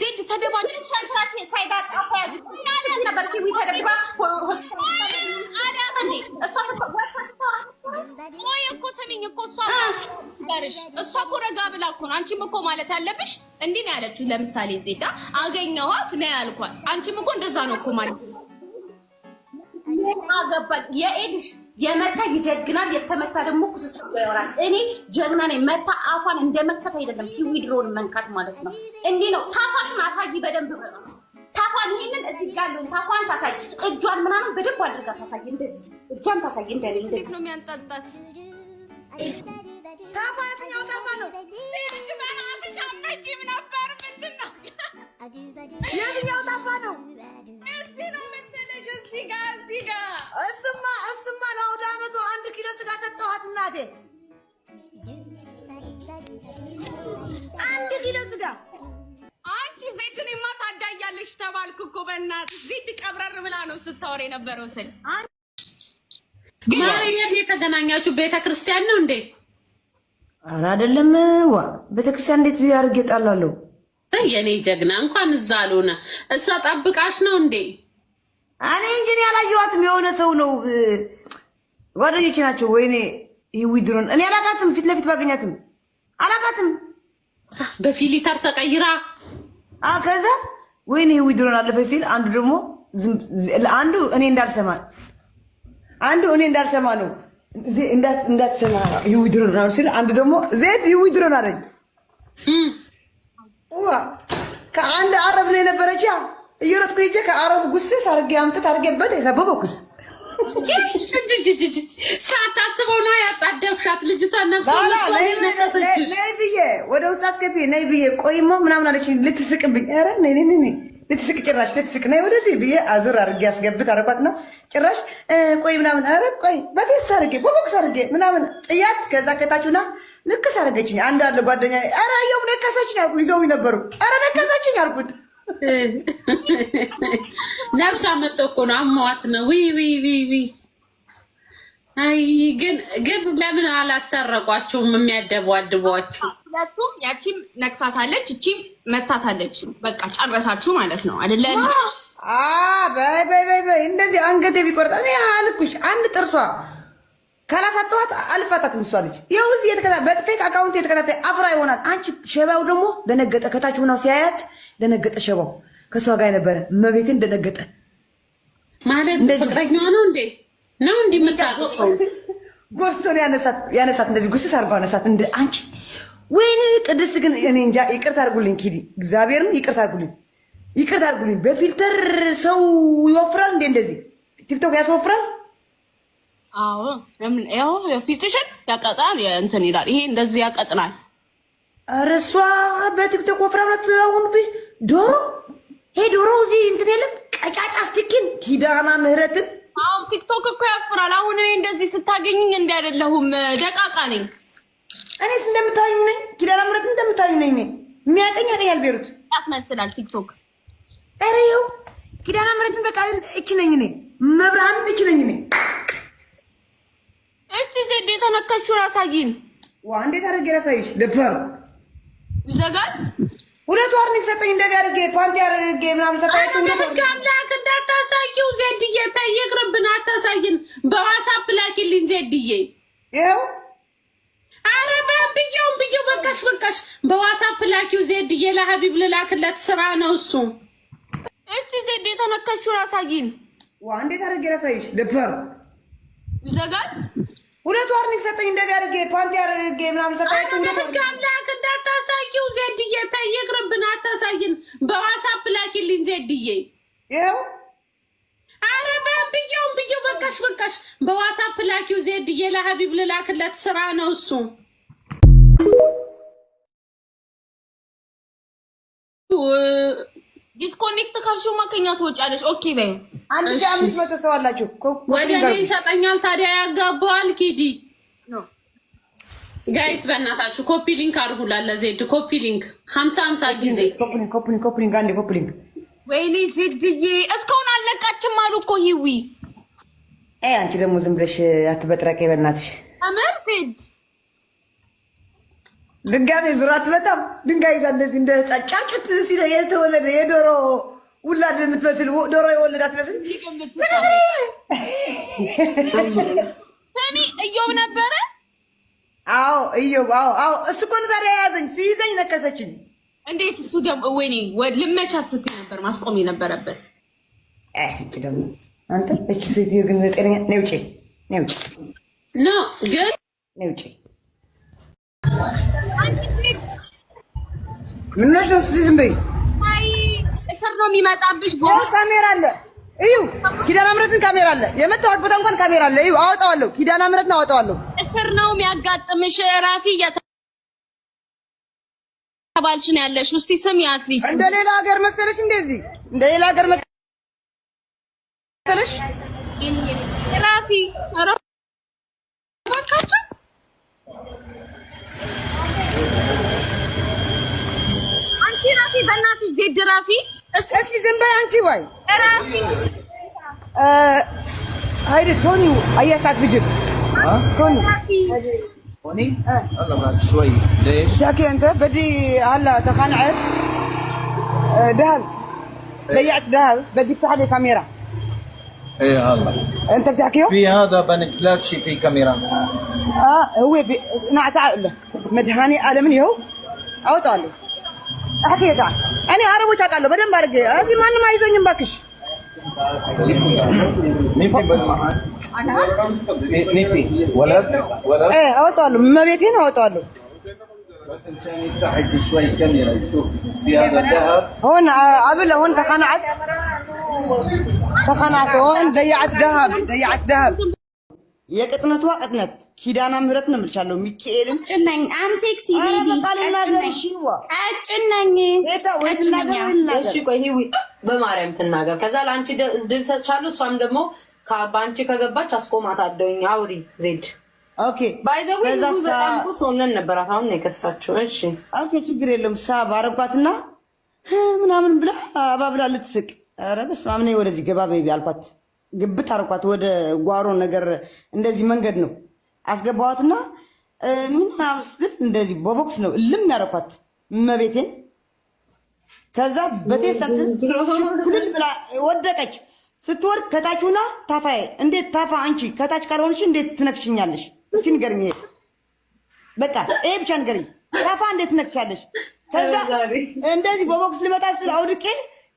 ዜድ ተደባጭ ቆይ እኮ ስሚኝ እኮ እሷ እኮ ረጋ ብላ እኮ ነው። አንቺም እኮ ማለት ያለብሽ እንዲህ ነው ያለችው። ለምሳሌ ዜዳ አገኘኋት ነው ያልኳት። አንቺም እኮ እንደዛ ነው እኮ ማለት ነው። የመታ ይጀግናል፣ የተመታ ደግሞ ቁስስብ ይወራል። እኔ ጀግና ነኝ። መታ አፏን እንደመከት አይደለም ሂዊድሮን መንካት ማለት ነው። እንዲህ ነው። ታፋሽን አሳይ በደንብ ታፏን፣ ይህንን እዚህ ጋለን ያለውን ታፏን ታሳይ፣ እጇን ምናምን በደንብ አድርጋ ታሳይ። እንደዚህ እጇን ታሳይ። እንደ እንደዚህ ነው የሚያንጣጣት። የትኛው ታፋ ነው? የትኛው ታፋ ነው? እሱማ እሱማ ለአውደ ዓመቱ አንድ ኪሎ ስጋ ሰጠኋት እናቴ። አንድ ኪሎ ስጋ አንቺ ዘይቱንማ ታዳያለሽ ተባልክ እኮ በእናትሽ። ዜድ ቀብረር ብላ ነው ስታወር የነበረው ስል ማርያም የተገናኛችሁ ቤተ ክርስቲያን ነው እንዴ? ኧረ አይደለም። ዋ ቤተ ክርስቲያን እንዴት ቢያርግ ይጣላለሁ። የኔ ጀግና እንኳን እዛ አልሆነ። እሷ ጠብቃሽ ነው እንዴ? እኔ እንጂ አላየኋትም። የሆነ ሰው ነው ጓደኞች ናቸው። ወይኔ ይዊድሮን እኔ አላቃትም። ፊት ለፊት ባገኛትም አላቃትም። በፊሊተር ተቀይራ ከዛ ወይኔ ይዊድሮን አለፈች ሲል አንዱ ደግሞ አንዱ እኔ እንዳልሰማ አንዱ እኔ እንዳልሰማ ነው እንዳትሰማ ይዊድሮን አሉ ሲል አንዱ ደግሞ ዜድ ይዊድሮን አለኝ። ከአንድ አረብ ነው የነበረች እየሮጥኩ ሄጄ ከአረቡ ጉስስ አርጌ አምጥት አርጌበት የሰበበው ክስ ሳታስበው ነው ያጣደብሻት ልጅቷን። ብዬ ወደ ውስጥ አስገቢ ነይ ብዬ ቆይሞ ምናምን አለች ልትስቅብኝ። ኧረ ልትስቅ ጭራሽ ልትስቅ ነይ ወደዚህ ብዬ አዙር አርጌ አስገብት አረኳትና ጭራሽ ቆይ ምናምን ኧረ ቆይ በቴስት አርጌ በቦክስ አርጌ ምናምን ጥያት ከዛ ከታችሁና ንክስ አረገችኝ። አንድ አለ ጓደኛ ኧረ አየሁ ነከሰችኝ አልኩ ይዘውኝ ነበሩ ኧረ ነከሰችኝ አልኩት ነብሷ መጥቶ እኮ ነው አሟት ነው። ዊ ዊ ዊ ዊ አይ ግን ግን ለምን አላስታረቋችሁም? የሚያደቧድቧችሁ ሁለቱም ያቺም ነቅሳታለች፣ እቺም መታታለች። በቃ ጨረሳችሁ ማለት ነው አይደለ? በይ በይ በይ እንደዚህ አንገቴ ቢቆርጣ እኔ አልኩሽ አንድ ጥርሷ ካላሳጠዋት አልፋታትም። እሷ ልጅ ያው እዚህ የተከታ በፌክ አካውንት የተከታታይ አፍራ ይሆናል። አንቺ ሸባው ደግሞ ደነገጠ። ከታች ሆና ሲያያት ደነገጠ። ሸባው ከእሷ ጋር የነበረ መቤትን ደነገጠ። ማለት ፍቅረኛዋ ነው እንዴ ነው እንዲ የምታውቀው ጎሶን ያነሳት እንደዚህ ጉስስ አድርጎ ያነሳት እንደ አንቺ ወይኔ ቅድስት ግን እኔ እንጃ። ይቅርታ አድርጉልኝ ኪዲ እግዚአብሔርን ይቅርታ አድርጉልኝ፣ ይቅርታ አድርጉልኝ። በፊልተር ሰው ይወፍራል እንዴ? እንደዚህ ቲክቶክ ያስወፍራል አዎ ለምን ያው ፊትሽን ያቀጥናል እንትን ይላል። ይሄ እንደዚህ ያቀጥናል። ኧረ እሷ በቲክቶክ ወፍራም ናት። አሁን ዶሮ ይሄ ዶሮ እዚህ እንትን የለም ቀጫጫ ስቲኪን ኪዳና ምህረትን አዎ ቲክቶክ እኮ ያፍራል። አሁን እኔ እንደዚህ ስታገኝኝ እንደ አይደለሁም ደቃቃ ነኝ። እኔስ እንደምታዩኝ ነኝ። ኪዳና ምህረት እንደምታዩኝ ነኝ። ነኝ የሚያቀኝ ያቀኛል። ቤሩት ያስመስላል ቲክቶክ። ኧረ ይኸው ኪዳና ምህረትን በቃ እች ነኝ እኔ መብርሃን እች ነኝ እኔ እስቲ ዘዴ የተነከችውን አሳይን። ዋ እንዴት አድርጌ ላሳይሽ? ልፈር ይዘጋል። ሁለት ዋርኒንግ ሰጠኝ። እንደዚህ አድርጌ ፓንቲ አድርጌ ምናምን ሰጠኝ። አምላክ እንዳታሳየው ዜድዬ፣ ተይ ይቅርብን፣ አታሳይን። በዋሳፕ ላኪልኝ ዜድዬ። ይኸው አረ ብየውን ብየው፣ በቃሽ በቃሽ። በዋሳፕ ላኪው ዜድዬ፣ ለሀቢብ ልላክለት ስራ ነው እሱ። እስቲ ዜድ የተነከችውን አሳይን። ዋ እንዴት አድርጌ ላሳይሽ? ልፈር ይዘጋል ሁለቱ ዋርን የተሰጠኝ እንደዚህ አድርጌ ፓንቲ አድርጌ ምናምን ሰጣችሁ። አምላክ እንዳታሳየው ዜድዬ፣ ተይ ይቅርብን፣ አታሳይን። በዋሳፕ ላኪልኝ ዜድዬ። ይኸው አረ በብየውን ብየው፣ በቃሽ በቃሽ። በዋሳፕ ላኪው ዜድዬ፣ ለሀቢብ ልላክለት ስራ ነው እሱ። ዲስኮኔክት ካልሽው ማከኛ ትወጫለሽ። ኦኬ በይ አንድ ሺህ አምስት መቶ ሰው አላችሁ። ወደ እኔ ይሰጠኛል ታዲያ ያጋባዋል። ኪዲ ጋይስ በእናታችሁ ኮፒ ሊንክ አድርጉላት ለዜድ ኮፒ ሊንክ ሀምሳ ሀምሳ ጊዜ ኮፒ ሊንክ አንዴ ኮፒ ሊንክ። ወይኔ ዜድዬ እስካሁን አለቃችም አሉ እኮ ይዊ። አንቺ ደግሞ ዝም ብለሽ አትበጥረቂ በእናትሽ። አመር ዜድ ድንጋሜ ዙራት በጣም ድንጋይ ይዛ እንደዚህ እንደ ጫጭት ሲለ የተወለደ የዶሮ ውላድ የምትመስል ዶሮ የወለደ አትመስል። ሰሚ እዮብ ነበረ። አዎ እዮም። አዎ አዎ። እሱ እኮ ዛሬ ታዲያ ሲይዘኝ ነከሰችኝ። እንዴት እሱ ደግሞ ወይኔ ልመቻ ስትይ ነበር ማስቆም የነበረበት። እንቺ ደግሞ አንተ እች ሴትዮ ግን ጤነኛ ነውጭ ነውጭ ነው ግን ነውጭ ምነሽ ነው ዝም በይ። እስር ነው የሚመጣብሽ። ካሜራ አለ እዩ። ኪዳነ ምሕረትን ካሜራ አለ። የመጣሁት ቦታ እንኳን ካሜራ አለ እዩ። አወጣዋለሁ። ኪዳነ ምሕረትን አወጣዋለሁ። እስር ነው የሚያጋጥምሽ። ራፊ እየተባልሽ ነው ያለሽ። እስቲ ስሚ አትሊስ እንደ ሌላ ሀገር መሰለሽ? እንደዚህ እንደ ሌላ ሀገር መሰለሽ? ራፊ በእናትሽ هاي ድራፊ። እስኪ ዝም በይ አንቺ። ወይ ድራፊ ሀይድ ቶኒ አያሳት ብጅብ ቶኒ ቶኒ شوي ليش تحكي انت بدي هلا تخنعت ذهب ضيعت ذهب بدي افتح لي كاميرا ايه هلا انت بتحكيه؟ في هذا بنك لا تشي في كاميرا اه هو بي... تعال عقله مدهاني قال مني هو اوت قال አቂዳ እኔ አረቦች አውቃለሁ በደንብ አድርጌ። እዚህ ማንም አይዘኝም እባክሽ። አወጣዋለሁ፣ መቤቴን አወጣዋለሁ። هون قبل هون تخنعت تخنعت هون ضيعت ذهب ضيعت ذهب የቅጥነቷ ቅጥነት ኪዳና ምህረት ነው የምልሻለሁ። ሚካኤልን ጭነኝ አም ሴክሲ ቤቢ በማርያም ትናገር። ከዛ ለአንቺ ድል እሷም ደግሞ በአንቺ ከገባች አስቆማት አደውኝ አውሪ ዜድ ኦኬ ባይዘዊ በጣም ሰውነን ነበር። አሁን ነው የከሳችው። እሺ ኦኬ፣ ችግር የለውም። ሳብ አረጓትና ምናምን ብላ አባብላ ልትስቅ ኧረ በስመ አብ ነይ ወደዚህ ገባ ቤቢ አልኳት። ግብት አርኳት ወደ ጓሮ ነገር እንደዚህ መንገድ ነው አስገባዋትና ምን ስትል እንደዚህ በቦክስ ነው እልም ያረኳት መቤቴን። ከዛ በቴሰት ብላ ወደቀች። ስትወድቅ ከታችና ታፋዬ፣ እንዴት ታፋ አንቺ ከታች ካልሆንሽ እንዴት ትነክሽኛለሽ? እስቲ ንገርኝ። ይሄ በቃ ይሄ ብቻ ንገርኝ። ታፋ እንዴት ትነክሻለሽ? ከዛ እንደዚህ በቦክስ ልመጣ ስል አውድቄ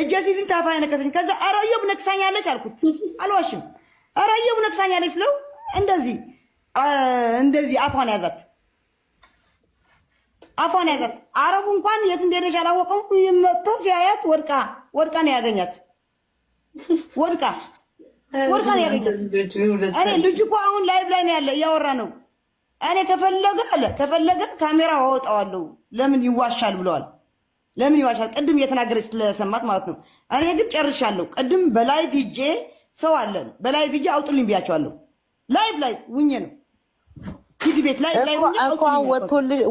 እጄ ሲዝን ታፋ ነከሰኝ። ከዛ ኧረ እዮብ ነክሳኛለች አልኩት፣ አልዋሽም። ኧረ እዮብ ነክሳኛለች ስለው እንደዚህ እንደዚህ አፏን ያዛት፣ አፏን ያዛት። አረቡ እንኳን የት እንደሄደች አላወቀም። መጥቶ ሲያያት ወድቃ ወድቃ ነው ያገኛት፣ ወድቃ ወድቃ ነው ያገኛት። እኔ ልጅ እኮ አሁን ላይቭ ላይ ነው ያለ እያወራ ነው። እኔ ከፈለገ አለ ከፈለገ ካሜራ አወጣዋለሁ ለምን ይዋሻል ብለዋል። ለምን ይዋሻል? ቅድም እየተናገረች ስለሰማት ማለት ነው። እኔ ግን ጨርሻለሁ። ቅድም በላይ ቪጄ ሰው አለን በላይ ቪጄ አውጡልኝ ብያቸዋለሁ። ላይቭ ላይ ውኜ ነው ሂድ ቤት ላይ ላይ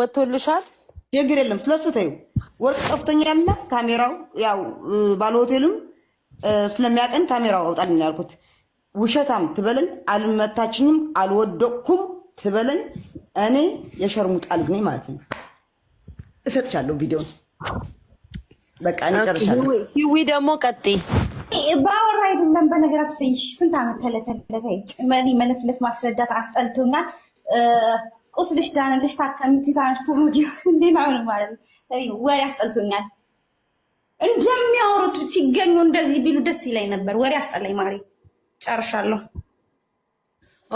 ወቶልሻል። ችግር የለም ስለሱ ተይው። ወርቅ ጠፍቶኛልና ካሜራው ያው ባለ ሆቴልም ስለሚያቀን ካሜራው አውጣልኝ ያልኩት ውሸታም ትበለን አልመታችኝም፣ አልወደቅኩም ትበለን። እኔ የሸርሙጣ ልጅ ነኝ ማለት ነው። እሰጥሻለሁ ቪዲዮን በቃ ጨርሻለሁ። ደግሞ ቀጥይ። በአወራ አይደለም በነገራችን ስንት ዓመት ተለፈለፈ። ጭመኔ መለፍለፍ ማስረዳት አስጠልቶኛል። ቁስልሽ ዳነልሽ ታከምቲ ታነሽቶ እንዴት አሁን ማለት ወሬ አስጠልቶኛል። እንደሚያወሩት ሲገኙ እንደዚህ ቢሉ ደስ ይላይ ነበር። ወሬ አስጠላኝ። ማሪ ጨርሻለሁ።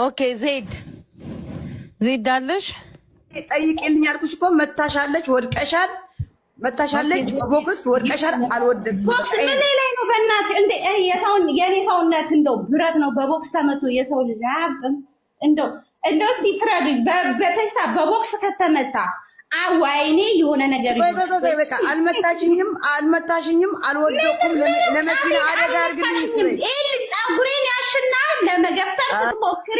ኦኬ ዜድ ዜድ አለሽ ጠይቅልኝ ያልኩሽ እኮ መታሻለች፣ ወድቀሻል መታሻለች ቦክስ ወድቀሻል። አልወደድም ቦክስ ምን ላይ ነው በእናትሽ እንደ የሰውን የኔ ሰውነት እንደው ብረት ነው። በቦክስ ተመቶ የሰው ልጅ አያብጥም። እንደው እንደው እስቲ ፍረዱ። በተሳ በቦክስ ከተመታ አዋይኔ የሆነ ነገር በቃ አልመታሽኝም፣ አልመታሽኝም፣ አልወደኩም። ለመኪና አደጋ እርግኝ ይህ ፀጉሬን ያሽና ለመገፍተር ስትሞክሪ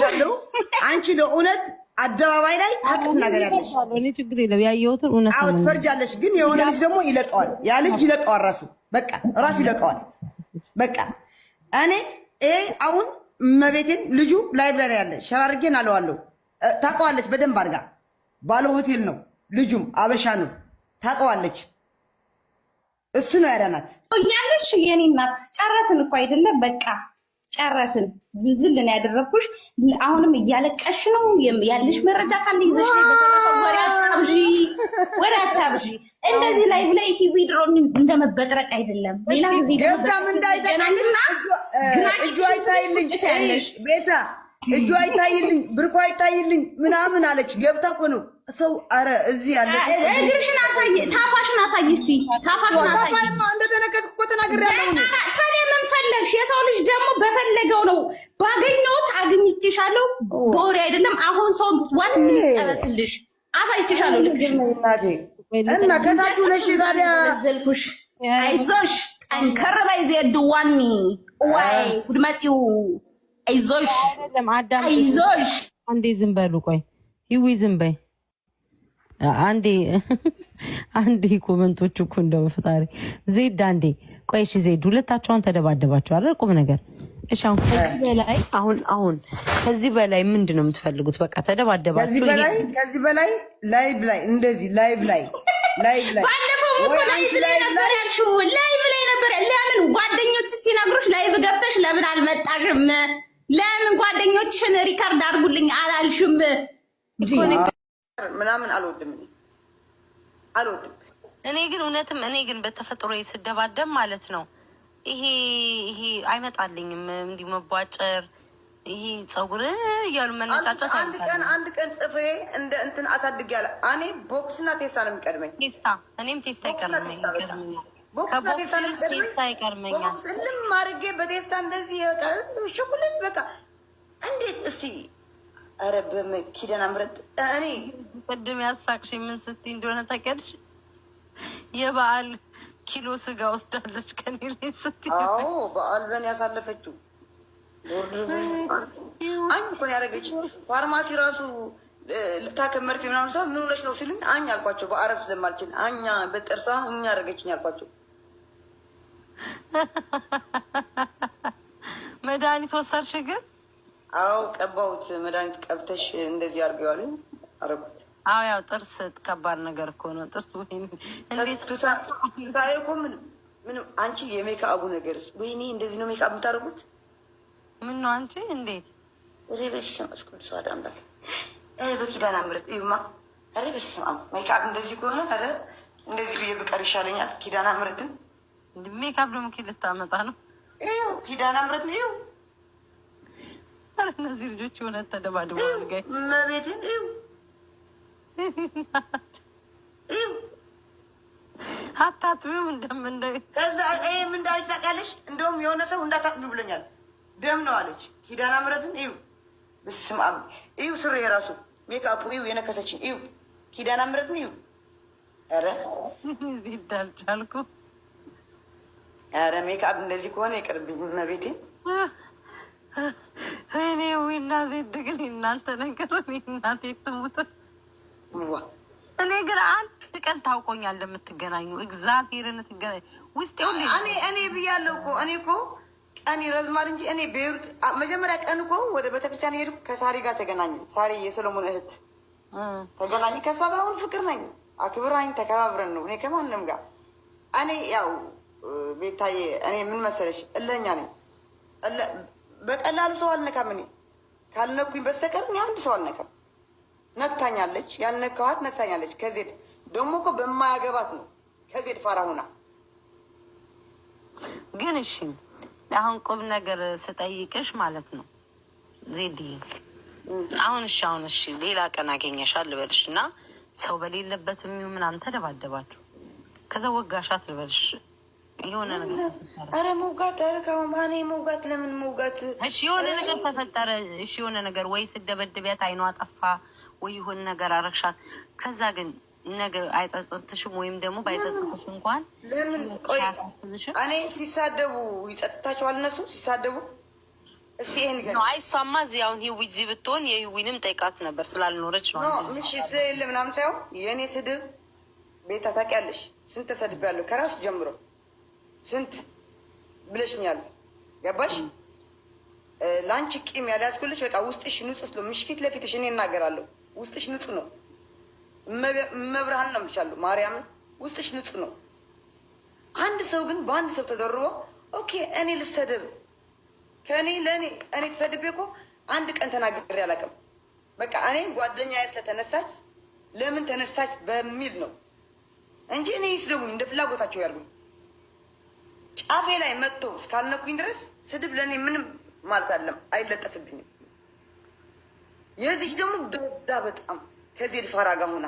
እልሻለሁ። አንቺ ለእውነት አደባባይ ላይ ሀቅ ትናገሪያለሽ። ችግር የለው ያየሁትን እውነት ትፈርጃለሽ። ግን የሆነ ልጅ ደግሞ ይለቀዋል፣ ያ ልጅ ይለቀዋል። ራሱ በቃ ራሱ ይለቀዋል። በቃ እኔ ይሄ አሁን መቤቴን ልጁ ላይብ ያለ ሸራርጌን አለዋለሁ። ታውቀዋለች በደንብ አድርጋ። ባለ ሆቴል ነው ልጁም አበሻ ነው። ታውቀዋለች። እሱ ነው ያዳናት። ያለሽ የኔ እናት ጨረስን እኮ አይደለም በቃ ጨረስን። ዝንዝል ነው ያደረግኩሽ። አሁንም እያለቀሽ ነው ያለሽ። መረጃ ካለ ይዘሽ ወሬ አታብዢ፣ ወሬ አታብዢ። እንደዚህ ላይ ብላ ኢቲቪ ድሮ እንደመበጥረቅ አይደለም። ሌላ ጊዜ ገብታም እንዳይጠናልና እጇ አይታይልኝ ቤታ እጁ አይታይልኝ ብርኮ አይታይልኝ ምናምን አለች። ገብታ እኮ ነው ሰው። አረ እዚህ ያለ እግርሽን አሳይ፣ ታፋሽን አሳይ እስቲ ታፋሽን አሳይ። እንደተነቀስኩ እኮ ተናግሬያለሁ። ይኸውልሽ የሰው ልጅ ደግሞ በፈለገው ነው ባገኘሁት አግኝቼሻለሁ። በወሬ አይደለም። አሁን ሰው ዋት የሚጸበስልሽ አሳይቼሻለሁ። ልክሽ እና ከታች ነሽ ታዲያ ዘልኩሽ። አይዞሽ ጠንከር በይ ዜድዋኒ ዋይ ውድመፂው አይዞሽ አይዞሽ። አንዴ ዝም በሉ ቆይ፣ ይዊ ዝም በይ አንዴ አንዴ ኮመንቶች እኮ እንደው ፈጣሪ ዜድ አንዴ ቆይ እሺ ዜድ ሁለታቸውን ተደባደባቸው አይደል ቁም ነገር እሺ አሁን ከዚህ በላይ አሁን አሁን ከዚህ በላይ ምንድን ነው የምትፈልጉት በቃ ተደባደባችሁ ከዚህ በላይ ላይቭ ላይ እንደዚህ ላይቭ ላይ ላይቭ ላይ ላይቭ ላይ ነበር ያልሽው ላይቭ ላይ ነበር ለምን ጓደኞች ሲነግሩሽ ላይቭ ገብተሽ ለምን አልመጣሽም ለምን ጓደኞችሽን ሪካርድ አድርጉልኝ አላልሽም ምናምን አልወድም አልወድም። እኔ ግን እውነትም እኔ ግን በተፈጥሮ ስደባደብ ማለት ነው ይሄ ይሄ አይመጣልኝም። እንዲህ መቧጨር፣ ይሄ ጸጉር እያሉ መነጫጨት። አንድ ቀን አንድ ቀን ጽፍሬ እንደ እንትን አሳድግ ያለ እኔ ቦክስና ቴስታ ነው የሚቀድመኝ። ቴስታ እኔም ቴስታ ይቀርመኛል። ቦክስና ቴስታ ነው የሚቀድመኝ። ቦክስ ስልም አድርጌ በቴስታ እንደዚህ በቃ ሽኩልን በቃ እንዴት እስቲ ረብ ኪደና ምረት እኔ ቅድም ያሳቅሽ ምን ስትይ እንደሆነ ታውቂያለሽ? የበዓል ኪሎ ስጋ ወስዳለች ከኔ ላይ ስትይ፣ አዎ በዓል በን ያሳለፈችው አኝ እኮ ነው ያደረገችው። ፋርማሲ ራሱ ልታከም መርፌ ምናምን ሰው ምን ሆነች ነው ሲሉኝ አኝ አልኳቸው። በአረብ ስለማልችል አኛ በጥርሷ እኛ ያደረገችኝ ያልኳቸው። መድኃኒት ወሰድሽ ግን? አዎ ቀባሁት። መድኃኒት ቀብተሽ እንደዚህ አድርገዋል አረጉት። አዎ ያው ጥርስ ከባድ ነገር እኮ ነው። ጥርስ ታየ እኮ ምንም። አንቺ የሜካቡ ነገር ወይኔ፣ እንደዚህ ነው ሜካብ የምታደርጉት? ምን ነው አንቺ እንዴት እንደዚህ ከሆነ ረ እንደዚህ ብዬ ብቀር ይሻለኛል። ሜካብ ኪ ልታመጣ ነው። ነው። እነዚህ ልጆች የሆነ ተደባድበ መቤትን ይኸው አታጥቢውም እንደምንደ ከዛ ይህም እንዳለች ታውቂያለሽ። እንደውም የሆነ ሰው እንዳታጥቢ ብለኛል። ደም ነው አለች። ኪዳነ ምሕረትን እዩ፣ ስም እዩ፣ ስሬ የራሱ ሜካፑ እዩ፣ የነከሰችን እዩ፣ ኪዳነ ምሕረትን እዩ። ኧረ እዚህ እንዳልቻልኩ ኧረ ሜካፕ እንደዚህ ከሆነ ይቅርብኝ መቤቴ። እኔ ዊና ዜድ ግን እናንተ ነገር እናቴ ትሙት እኔ ግን አንድ ቀን ታውቆኛል እንደምትገናኙ እግዚአብሔርን ትገናኝ ውስጥ እኔ እኔ ብያለሁ እኮ እኔ እኮ ቀን ይረዝማል እንጂ እኔ ቤሩት መጀመሪያ ቀን እኮ ወደ ቤተክርስቲያን ሄድኩ። ከሳሪ ጋር ተገናኝ ሳሪ የሰለሞን እህት ተገናኝ ከእሷ ጋር አሁን ፍቅር ነኝ። አክብራኝ፣ ተከባብረን ነው እኔ ከማንም ጋር እኔ ያው ቤታዬ እኔ ምን መሰለሽ እለኛ ነኝ። በቀላሉ ሰው አልነካም። እኔ ካልነኩኝ በስተቀር እኔ አንድ ሰው አልነካም። ነክታኛለች። ያልነካኋት ነክታኛለች። ከዜድ ደግሞ እኮ በማያገባት ነው ከዜድ ፋራ ሁና ግን እሺ፣ አሁን ቁም ነገር ስጠይቅሽ ማለት ነው ዜድ አሁን እሺ፣ አሁን እሺ፣ ሌላ ቀን አገኘሻል ልበልሽ እና ሰው በሌለበት የሚሆን ምናምን ተደባደባችሁ ከዛ ወጋሻት ልበልሽ የሆነ ነገር ኧረ መውጋት፣ ኧረ ከማን መውጋት? ለምን መውጋት? እሺ የሆነ ነገር ተፈጠረ። እሺ የሆነ ነገር ወይ ስደበድቢያት አይኗ ጠፋ፣ ወይ የሆነ ነገር አረግሻት። ከዛ ግን ነገ አይጸጸትሽም? ወይም ደግሞ ባይጸጸትሽ እንኳን ለምን ቆይ፣ እኔ ሲሳደቡ ይጸጥታቸዋል? እነሱ ሲሳደቡ። እስቲ ይሄን አይ እሷማ እዚህ አሁን ህዊ እዚህ ብትሆን የህዊንም ጠይቃት ነበር ስላልኖረች ነው ምሽ ስለሌለ ምናምን ሳይሆን የእኔ ስድብ ቤታ ታውቂያለሽ፣ ስንት ተሰድቤያለሁ ከራስ ጀምሮ ስንት ብለሽኛል። ገባሽ? ለአንቺ ቂም ያልያዝኩልሽ በቃ ውስጥሽ ንጹህ ስለሆንሽ ፊት ለፊትሽ እኔ እናገራለሁ። ውስጥሽ ንጹህ ነው። መብርሃን ነው የምልሻለሁ። ማርያምን ውስጥሽ ንጹህ ነው። አንድ ሰው ግን በአንድ ሰው ተደርቦ ኦኬ፣ እኔ ልሰድብ ከእኔ ለእኔ እኔ ተሰድቤ እኮ አንድ ቀን ተናግሬ አላውቅም። በቃ እኔ ጓደኛዬ ስለተነሳች ለምን ተነሳች በሚል ነው እንጂ እኔ ይስደቡኝ እንደ ፍላጎታቸው ያልኩኝ ጫፌ ላይ መጥቶ እስካልነኩኝ ድረስ ስድብ ለእኔ ምንም ማለት አለም አይለጠፍብኝም። የዚች ደግሞ በዛ በጣም ከዚህ ልፈራጋ ሆና